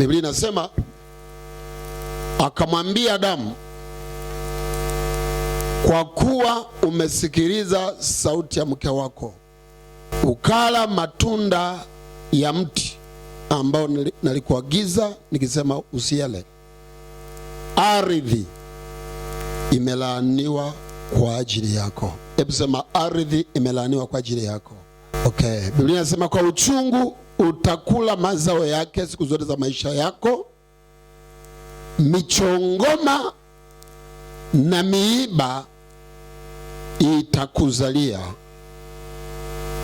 Biblia inasema akamwambia Adamu, kwa kuwa umesikiliza sauti ya mke wako ukala matunda ya mti ambao nalikuagiza nikisema usiale, ardhi imelaaniwa kwa ajili yako. Hebu sema ardhi imelaaniwa kwa ajili yako. Okay, Biblia inasema kwa uchungu utakula mazao yake siku zote za maisha yako. Michongoma na miiba itakuzalia,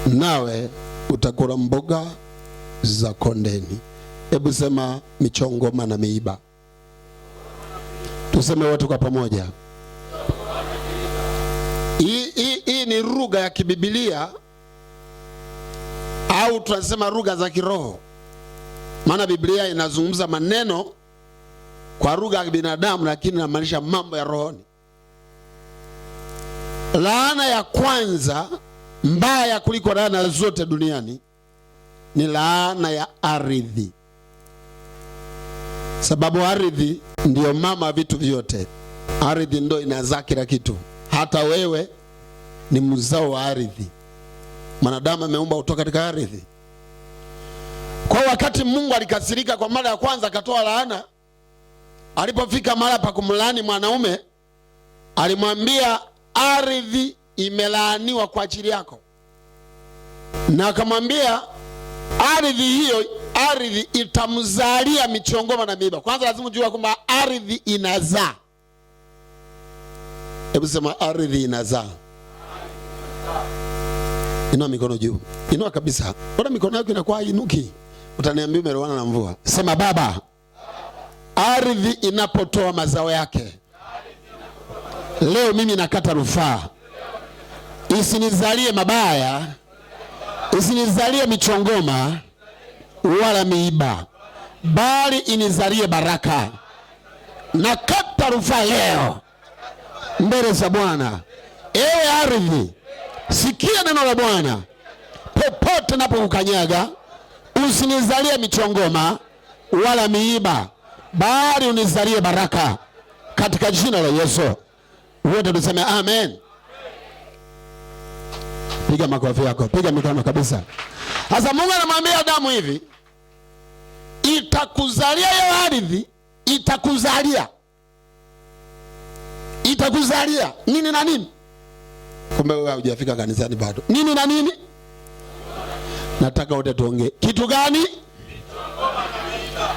nawe utakula mboga za kondeni. Hebu sema michongoma na miiba, tuseme watu kwa pamoja. Hii ni lugha ya kibibilia au tunasema lugha za kiroho, maana Biblia inazungumza maneno kwa lugha ya binadamu, lakini inamaanisha mambo ya rohoni. Laana ya kwanza mbaya kuliko laana zote duniani ni laana ya ardhi, sababu ardhi ndiyo mama vitu vyote. Ardhi ndo inazaa kila kitu. Hata wewe ni mzao wa ardhi. Mwanadamu ameumba kutoka katika ardhi. Kwa wakati Mungu alikasirika kwa mara ya kwanza, akatoa laana. Alipofika mara pa kumlaani mwanaume, alimwambia ardhi imelaaniwa kwa ajili yako, na akamwambia ardhi hiyo, ardhi itamzalia michongoma na miiba. Kwanza lazima ujue kwamba ardhi inazaa. Hebu sema ardhi inazaa. Inua mikono juu, inua kabisa. Mbona mikono yako inakuwa inuki? Utaniambia umeroana na mvua. Sema Baba, ardhi inapotoa mazao yake, leo mimi nakata rufaa, isinizalie mabaya, isinizalie michongoma wala miiba, bali inizalie baraka. Nakata rufaa leo mbele za Bwana. Ewe ardhi Sikia neno la Bwana, popote napokukanyaga usinizalie michongoma wala miiba, bali unizalie baraka katika jina la Yesu. Wote tuseme amen. Piga makofi yako, piga mikono kabisa. Sasa Mungu anamwambia Adamu hivi, itakuzalia hiyo ardhi, itakuzalia itakuzalia nini na nini Kumbe wewe haujafika kanisani bado. Nini na nini? Nataka wote tuongee kitu gani?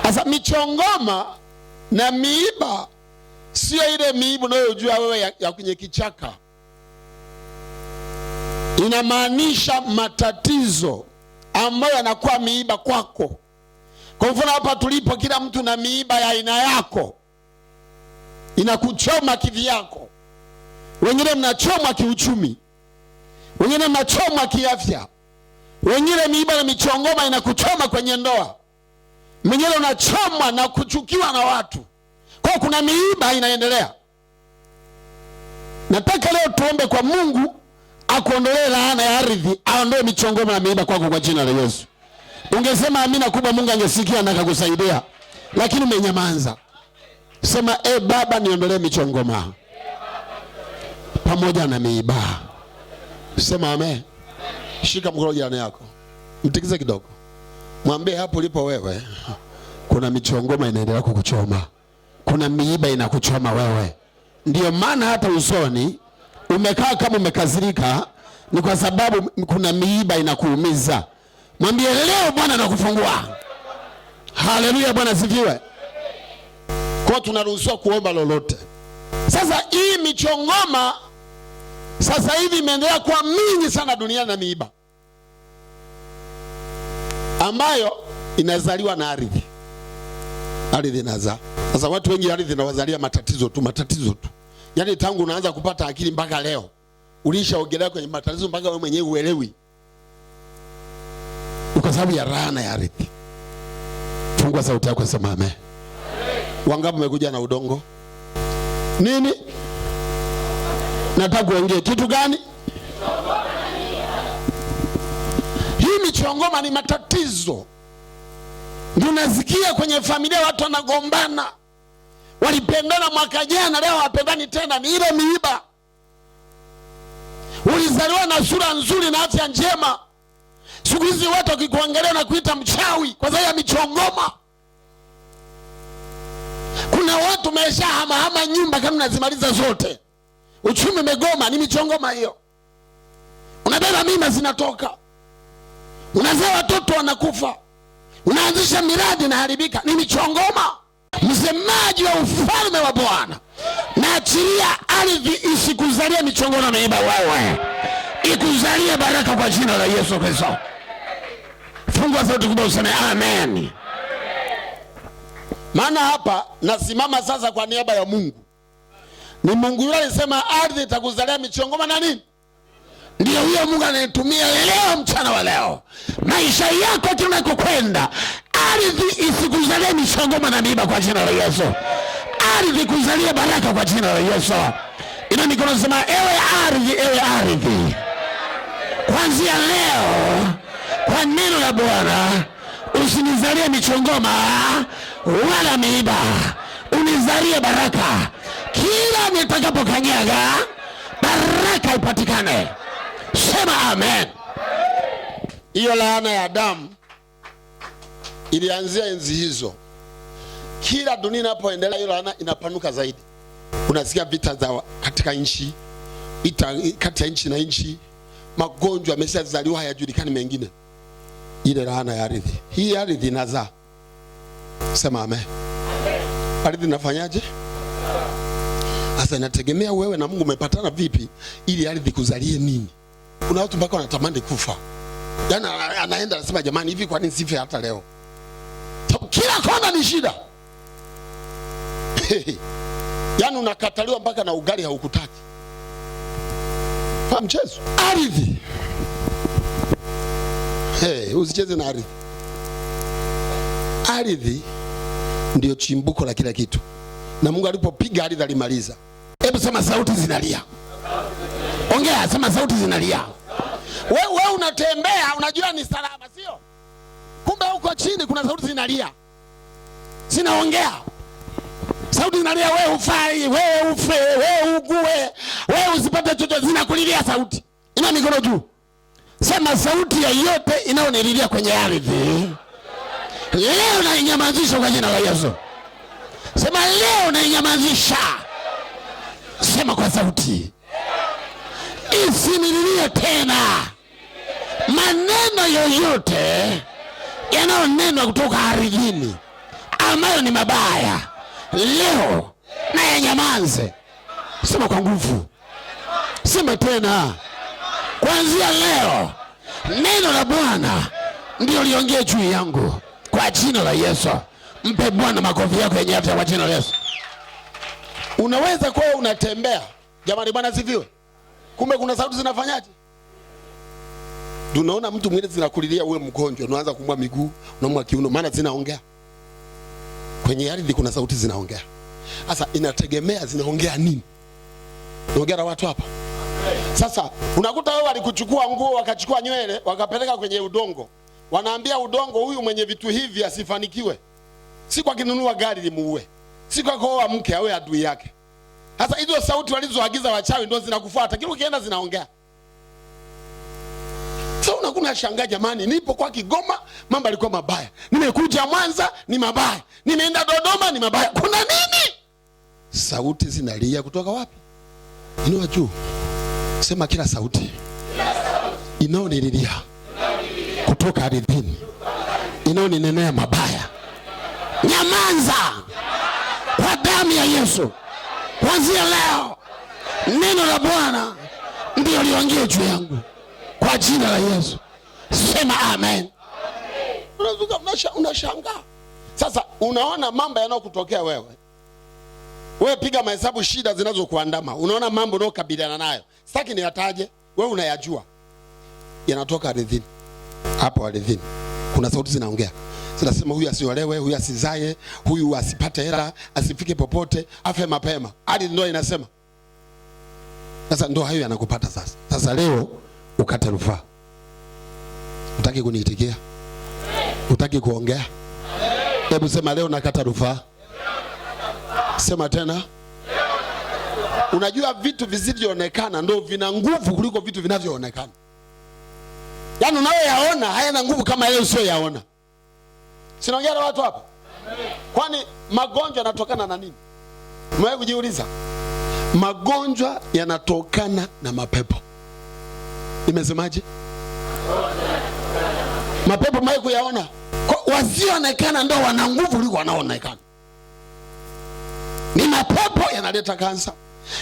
Sasa michongoma na miiba sio ile miiba unayojua wewe ya, ya kwenye kichaka. Inamaanisha matatizo ambayo yanakuwa miiba kwako. Kwa mfano hapa tulipo, kila mtu na miiba ya aina yako, inakuchoma kivi yako wengine mnachomwa kiuchumi, wengine mnachomwa kiafya, wengine miiba na michongoma inakuchoma kwenye ndoa, mwingine unachomwa na kuchukiwa na watu. Kwa kuna miiba inaendelea. Nataka leo tuombe kwa Mungu akuondolee laana ya ardhi, aondoe michongoma na miiba kwako kwa jina la Yesu. Ungesema amina kubwa, Mungu angesikia na akakusaidia, lakini umenyamaza. Sema e Baba, niondolee michongoma pamoja na miiba. Sema amen. Shika mkono jirani yako, mtikize kidogo, mwambie hapo ulipo wewe, kuna michongoma inaendelea kukuchoma, kuna miiba inakuchoma wewe. Ndiyo maana hata usoni umekaa kama umekazirika, ni kwa sababu kuna miiba inakuumiza. Mwambie leo Bwana anakufungua. Haleluya, Bwana sifiwe. Kwa tunaruhusiwa kuomba lolote. Sasa hii michongoma sasa hivi imeendelea kuwa mingi sana duniani na miiba ambayo inazaliwa na ardhi. Ardhi inazaa. Sasa watu wengi ardhi inawazalia matatizo tu, matatizo tu. Yaani tangu unaanza kupata akili mpaka leo ulishaogelea kwenye matatizo mpaka wewe mwenyewe uelewi, kwa sababu ya laana ya ardhi. Fungua sauti yako, sema amen. Wangapi umekuja na udongo nini? nataka kuongea kitu gani? Hii michongoma ni matatizo. Tunasikia kwenye familia watu wanagombana, walipendana mwaka jana, leo hawapendani tena. Ni ile miiba. Ulizaliwa na sura nzuri na afya njema, siku hizi watu wakikuangalia na kuita mchawi kwa sababu ya michongoma. Kuna watu wamesha hamahama nyumba kama nazimaliza zote Uchumi umegoma, ni michongoma hiyo. Unabeba mimba zinatoka, unazaa watoto wanakufa, unaanzisha miradi inaharibika, ni michongoma. Msemaji wa ufalme wa Bwana, naachilia ardhi isikuzalia michongoma miiba, wewe ikuzalie baraka kwa jina la Yesu Kristo. Fungua sauti kubwa useme amen. Maana hapa nasimama sasa kwa niaba ya Mungu ni Mungu yule alisema ardhi itakuzalia michongoma na nini. ndio huyo Mungu anaitumia leo, mchana wa leo, maisha yako tunakokwenda, ardhi isikuzalie michongoma na miiba kwa jina la Yesu. Ardhi kuzalia baraka kwa jina la Yesu. Ina mikono sema, ewe ardhi, ewe ardhi, kwanzia leo kwa neno la Bwana usinizalie michongoma wala miiba, unizalie baraka kila nitakapokanyaga baraka ipatikane. Sema amen. Hiyo laana ya damu ilianzia enzi hizo. Kila dunia inapoendelea, hiyo laana inapanuka zaidi. Unasikia vita za katika nchi, vita kati ya nchi na nchi, magonjwa yameshazaliwa hayajulikani mengine, ile laana ya ardhi. Hii ardhi inazaa. Sema amen. Ardhi inafanyaje? Sasa inategemea wewe na Mungu umepatana vipi ili ardhi kuzalie nini. Kuna watu mpaka wanatamani kufa, yaani anaenda anasema, jamani, hivi kwa nini sife hata leo? Kila kona ni shida yaani unakataliwa mpaka na ugali haukutaki. Kwa mchezo ardhi, hey, usicheze na ardhi. Ardhi ndio chimbuko la kila kitu, na Mungu alipopiga ardhi alimaliza. Hebu sema sauti zinalia. Ongea, sema sauti zinalia. We, we unatembea unajua ni salama, sio? Kumbe huko chini kuna sauti zinalia. Sinaongea. Sauti zinalia, we ufai, we ufe, we ugue, we usipate chochote, zinakulilia sauti. Ina mikono juu. Sema sauti yoyote inayonililia kwenye ardhi. Leo nainyamazisha kwa jina la Yesu. Sema leo nainyamazisha. Sema kwa sauti, isinililie tena. Maneno yoyote yanayonenwa kutoka ardhini ambayo ni mabaya leo na yanyamanze. Sema kwa nguvu, sema tena. Kuanzia leo neno la Bwana ndio liongee juu yangu, kwa jina la Yesu. Mpe Bwana makofi yako yenye afya, kwa jina la Yesu. Unaweza kuwa unatembea, jamani, bwana ziviwe kumbe kuna sauti zinafanyaje? Tunaona mtu mwingine zinakulilia uwe mgonjwa, unaanza kumwa miguu, unaumwa kiuno, maana zinaongea kwenye ardhi, kuna sauti zinaongea. Sasa inategemea zinaongea nini? Naongea na watu hapa sasa. Unakuta wao walikuchukua nguo, wakachukua nywele, wakapeleka kwenye udongo, wanaambia udongo, huyu mwenye vitu hivi asifanikiwe, si kwa kinunua gari limuue si kwa kuoa mke awe adui yake. Sasa hizo sauti walizoagiza wachawi ndio zinakufuata kila ukienda zinaongea. Sasa unakuna shangaa, jamani, nipo kwa Kigoma mambo yalikuwa mabaya, nimekuja Mwanza ni mabaya, nimeenda Dodoma ni mabaya. Kuna nini? Sauti zinalia kutoka wapi? Inua juu, sema kila sauti inaonililia kutoka ardhini, inaoninenea mabaya, nyamanza damu ya Yesu. Kuanzia leo neno la Bwana ndio liongee juu yangu kwa jina la Yesu. Sema amen. Unashangaa sasa, unaona mambo yanayokutokea wewe wewe piga mahesabu shida zinazokuandama, unaona mambo unayokabiliana nayo. Sitaki niyataje, wewe unayajua, yanatoka ardhini. Hapo ardhini kuna sauti zinaongea tunasema huyu asiolewe, huyu asizae, huyu asipate hela, asifike popote, afe mapema. Hadi ndoa inasema sasa, ndoa hayo yanakupata sasa. Sasa leo ukate rufaa. Utaki kuniitikia? Utaki kuongea? Hebu sema leo nakata rufaa. Sema tena. Unajua vitu visivyoonekana ndio vina nguvu kuliko vitu vinavyoonekana. Yaani unayoyaona hayana nguvu kama yale usiyoyaona. Sinaongea na watu hapa? Kwani magonjwa yanatokana na nini? Mwae kujiuliza? Magonjwa yanatokana na mapepo. Nimesemaje? Mapepo mwae kuyaona? Wasioonekana ndo wana nguvu kuliko wanaoonekana. Ni mapepo yanaleta kansa,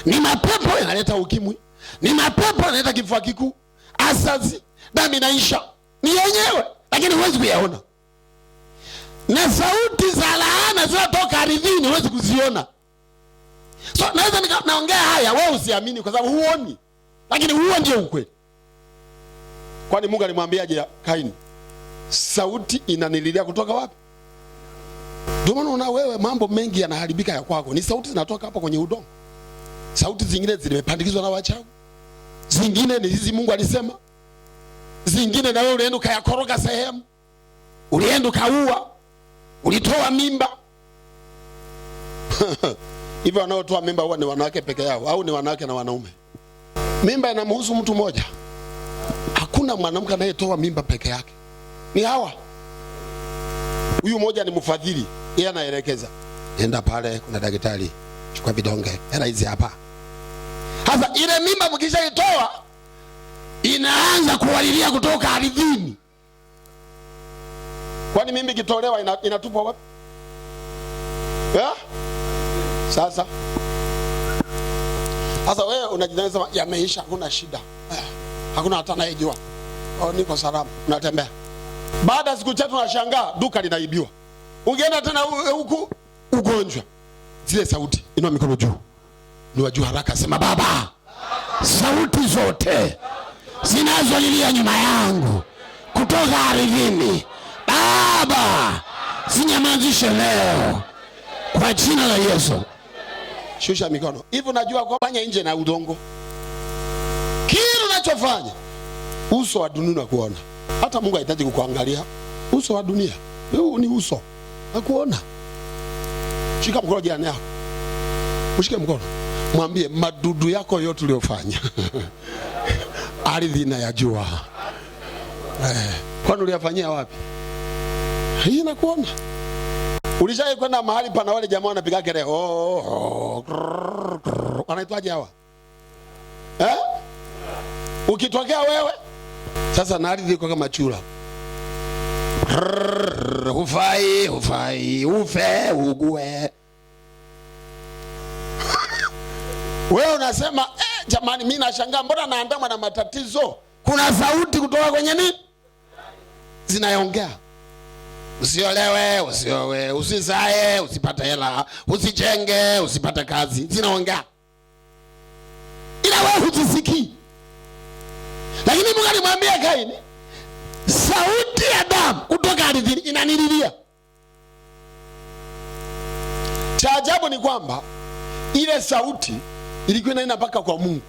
ni mapepo yanaleta ukimwi, ni mapepo yanaleta kifua kikuu, asazi, damu inaisha, ni yenyewe, lakini huwezi kuyaona na sauti za laana zinatoka ardhini, huwezi kuziona. So naweza naongea haya, wewe usiamini kwa sababu huoni, lakini huo ndio ukweli. Kwani Mungu alimwambiaje Kaini? Sauti inanililia kutoka wapi? Ndio maana unaona wewe mambo mengi yanaharibika ya kwako ni sauti zinatoka hapa kwenye udongo. Sauti zingine zimepandikizwa na wachawi, zingine ni hizi Mungu alisema, zingine na wewe ulienda ukayakoroga sehemu, ulienda ukaua ulitoa mimba hivyo wanaotoa mimba huwa ni wanawake peke yao au ni wanawake na wanaume? Mimba inamhusu mtu mmoja? Hakuna mwanamke anayetoa mimba peke yake, ni hawa. Huyu mmoja ni mfadhili, yeye anaelekeza, nenda pale, kuna daktari, chukua vidonge, hela hizi hapa. Sasa ile mimba mkishaitoa, inaanza kuwalilia kutoka ardhini. Kwani mimi kitolewa ina, inatupwa wapi yeah? Sasa sasa wewe unajidhani sema yameisha, hakuna shida eh, hakuna hata anayejua oh, niko salama, unatembea. Baada ya siku tatu unashangaa duka linaibiwa, ungeenda tena huku ugonjwa. Zile sauti, inua mikono juu, ni wajua haraka, sema Baba, baba, sauti zote zinazolilia nyuma yangu kutoka ardhini Baba, sinyamazishe leo kwa jina la Yesu. Shusha mikono hivi. Unajua kufanya nje na udongo, kila unachofanya uso wa dunia unakuona. Hata Mungu hahitaji kukuangalia uso wa dunia, huu ni uso nakuona. Shika mkono jirani yako, mshike mkono, mwambie madudu yako yote uliyofanya ardhi inayajua. Eh, kwani uliyafanyia wapi? hii nakuona. Ulishawahi kwenda mahali pana wale jamaa wanapiga kelele oh, oh, krrr, krrr. wanaitwaje hawa eh? Ukitokea wewe sasa na ardhi iko kama chura, hufai hufai, ufe ugue. Wewe unasema eh, jamani, mimi nashangaa mbona naandamwa na matatizo. Kuna sauti kutoka kwenye nini zinaongea Usiolewe, usiowe, usizae, usipate hela, usijenge, usipate kazi. Zinaongea ila wewe huzisikii. Lakini Mungu alimwambia Kaini, sauti ya damu kutoka ardhini inanililia. Cha ajabu ni kwamba ile sauti ilikuwa inaenda mpaka kwa Mungu.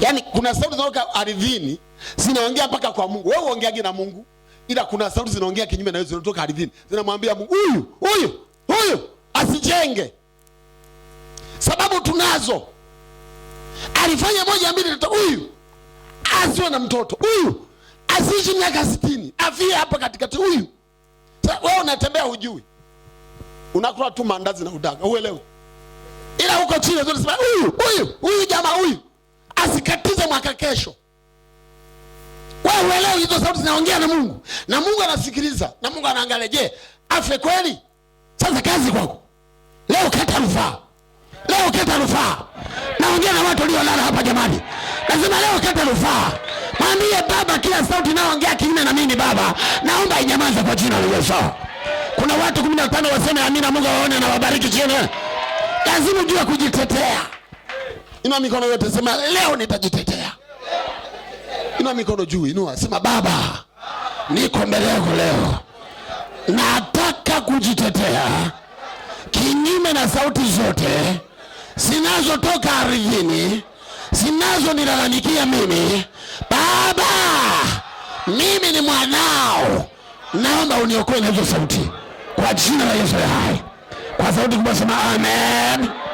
Yaani kuna sauti zinatoka ardhini zinaongea mpaka kwa Mungu. Wewe uongeaje na Mungu? ila kuna sauti zinaongea kinyume na hizo zinatoka ardhini, zinamwambia Mungu, huyu huyu huyu asijenge. Sababu tunazo, alifanya moja mbili tatu, huyu asiwe na mtoto, huyu asiishi miaka sitini, afie hapa katikati, huyu. Wewe unatembea hujui, unakula tu mandazi na udaga, uelewe. Ila huko chini zote sema huyu huyu huyu, jamaa huyu asikatize mwaka kesho. Wewe uelewi hizo sauti zinaongea na Mungu na Mungu anasikiliza na Mungu anaangalia, je, afe kweli? Sasa kazi kwako leo, kata rufaa leo, kata rufaa. Naongea na watu waliolala hapa jamani, lazima leo kata rufaa. Mwambie Baba, kila sauti inayoongea kinyume na mimi Baba, naomba inyamaze kwa jina la Yesu. Kuna watu kumi na tano waseme amina, Mungu awaone na wabariki chini. Lazima ujue kujitetea. Inua mikono yote, sema leo nitajitetea. Inua mikono juu, inua, sema Baba, niko mbele yako leo, nataka kujitetea kinyume na sauti zote zinazotoka ardhini zinazonilalamikia mimi. Baba, mimi ni mwanao, naomba uniokoe na hizo sauti, kwa jina la Yesu hai, kwa sauti kubwa sema amen.